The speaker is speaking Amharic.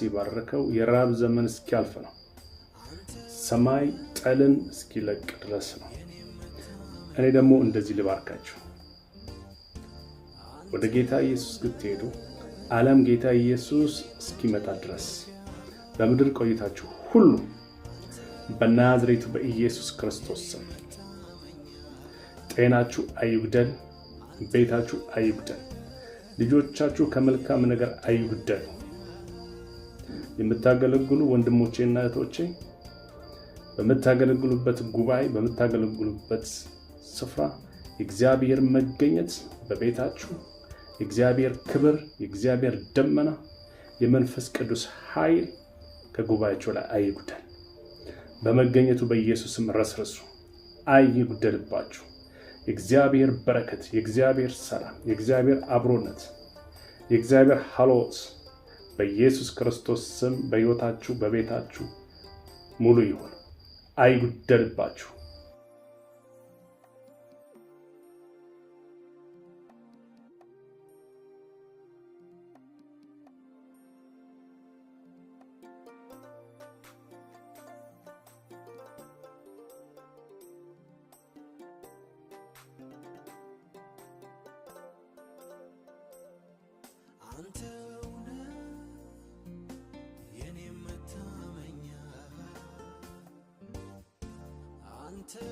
ሲባርከው የራብ ዘመን እስኪያልፍ ነው። ሰማይ ጠልን እስኪለቅ ድረስ ነው። እኔ ደግሞ እንደዚህ ልባርካችሁ ወደ ጌታ ኢየሱስ እስክትሄዱ ዓለም ጌታ ኢየሱስ እስኪመጣ ድረስ በምድር ቆይታችሁ ሁሉ በናዝሬቱ በኢየሱስ ክርስቶስ ስም ጤናችሁ አይጉደል፣ ቤታችሁ አይጉደል፣ ልጆቻችሁ ከመልካም ነገር አይጉደሉ። የምታገለግሉ ወንድሞቼና እህቶቼ በምታገለግሉበት ጉባኤ በምታገለግሉበት ስፍራ የእግዚአብሔር መገኘት በቤታችሁ የእግዚአብሔር ክብር የእግዚአብሔር ደመና የመንፈስ ቅዱስ ኃይል ከጉባኤቸው ላይ አይጉደል። በመገኘቱ በኢየሱስም ረስርሱ፣ አይጉደልባችሁ። የእግዚአብሔር በረከት፣ የእግዚአብሔር ሰላም፣ የእግዚአብሔር አብሮነት፣ የእግዚአብሔር ሀሎት በኢየሱስ ክርስቶስ ስም በሕይወታችሁ በቤታችሁ ሙሉ ይሁን፣ አይጉደልባችሁ። አንተ 何